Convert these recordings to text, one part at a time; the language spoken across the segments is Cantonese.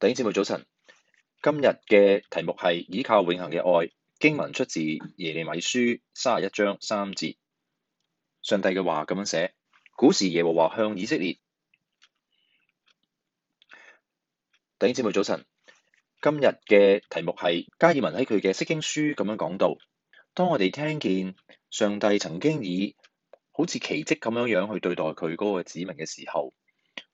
弟兄姊妹早晨，今日嘅題目係倚靠永恆嘅愛，經文出自耶利米書三十一章三節，上帝嘅話咁樣寫：古時耶和華向以色列。弟兄姊妹早晨，今日嘅題目係加爾文喺佢嘅釋經書咁樣講到，當我哋聽見上帝曾經以好似奇蹟咁樣樣去對待佢嗰個子民嘅時候，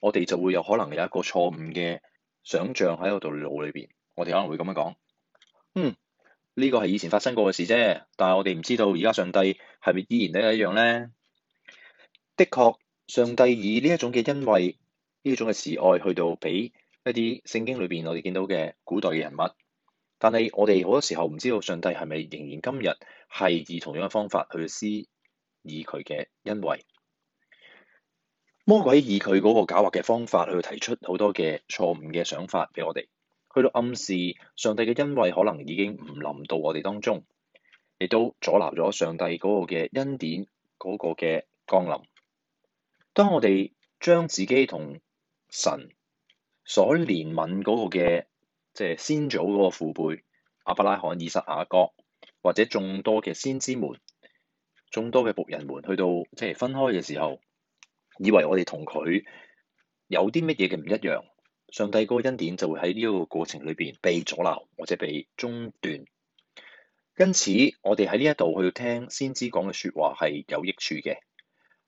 我哋就會有可能有一個錯誤嘅。想像喺我度腦裏邊，我哋可能會咁樣講：嗯，呢個係以前發生過嘅事啫。但係我哋唔知道而家上帝係咪依然都一樣咧？的確，上帝以呢一種嘅恩惠、呢一種嘅慈愛去到俾一啲聖經裏邊我哋見到嘅古代嘅人物。但係我哋好多時候唔知道上帝係咪仍然今日係以同樣嘅方法去施以佢嘅恩惠。魔鬼以佢嗰個狡猾嘅方法去提出好多嘅錯誤嘅想法俾我哋，去到暗示上帝嘅恩惠可能已經唔臨到我哋當中，亦都阻撓咗上帝嗰個嘅恩典嗰個嘅降臨。當我哋將自己同神所憐憫嗰個嘅，即係先祖嗰個父輩，阿伯拉罕、以撒、雅各，或者眾多嘅先知們、眾多嘅僕人們，去到即係分開嘅時候，以為我哋同佢有啲乜嘢嘅唔一樣，上帝嗰個恩典就會喺呢一個過程裏邊被阻撓或者被中斷。因此，我哋喺呢一度去聽先知講嘅說話係有益處嘅。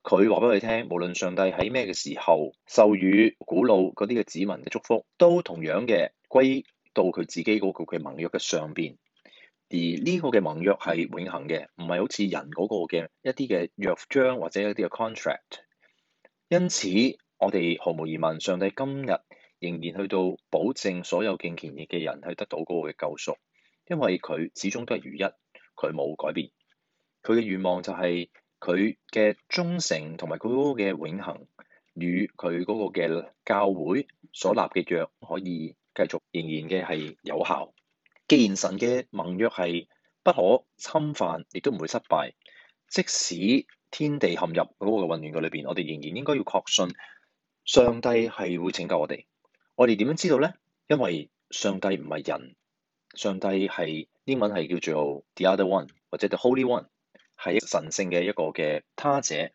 佢話俾我哋聽，無論上帝喺咩嘅時候授予古老嗰啲嘅子民嘅祝福，都同樣嘅歸到佢自己嗰個嘅盟約嘅上邊。而呢個嘅盟約係永恆嘅，唔係好似人嗰個嘅一啲嘅約章或者一啲嘅 contract。因此，我哋毫無疑問，上帝今日仍然去到保證所有敬虔嘅人去得到嗰個嘅救贖，因為佢始終都係如一，佢冇改變。佢嘅願望就係佢嘅忠誠同埋佢嘅永恆與佢嗰個嘅教會所立嘅約可以繼續仍然嘅係有效。既然神嘅盟約係不可侵犯，亦都唔會失敗，即使天地陷入嗰個混亂嘅裏邊，我哋仍然應該要確信上帝係會拯救我哋。我哋點樣知道咧？因為上帝唔係人，上帝係英文係叫做 The Other One 或者 The Holy One，係神性嘅一個嘅他者。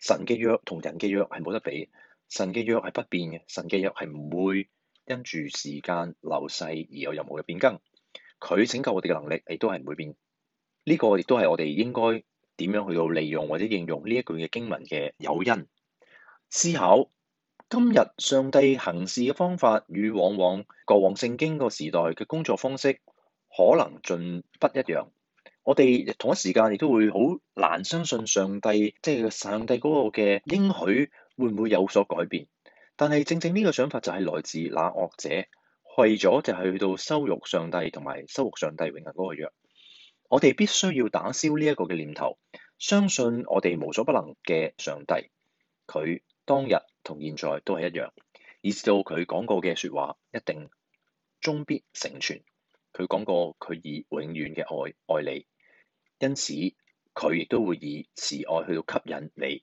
神嘅約同人嘅約係冇得比，神嘅約係不變嘅，神嘅約係唔會因住時間流逝而有任何嘅變更。佢拯救我哋嘅能力亦都係唔會變。呢個亦都係我哋應該點樣去到利用或者應用呢一句嘅經文嘅誘因思考？今日上帝行事嘅方法與往往過往聖經個時代嘅工作方式可能盡不一樣。我哋同一時間亦都會好難相信上帝，即係上帝嗰個嘅應許會唔會有所改變？但係正正呢個想法就係來自那惡者，為咗就係去到羞辱上帝同埋羞辱上帝永恆嗰個約。我哋必須要打消呢一個嘅念頭，相信我哋無所不能嘅上帝，佢當日同現在都係一樣，以至到佢講過嘅說話一定終必成全。佢講過佢以永遠嘅愛愛你，因此佢亦都會以慈愛去到吸引你。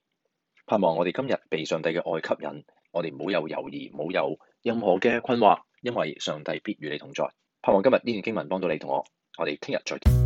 盼望我哋今日被上帝嘅愛吸引，我哋唔好有猶豫，唔好有任何嘅困惑，因為上帝必與你同在。盼望今日呢段經文幫到你同我，我哋聽日再見。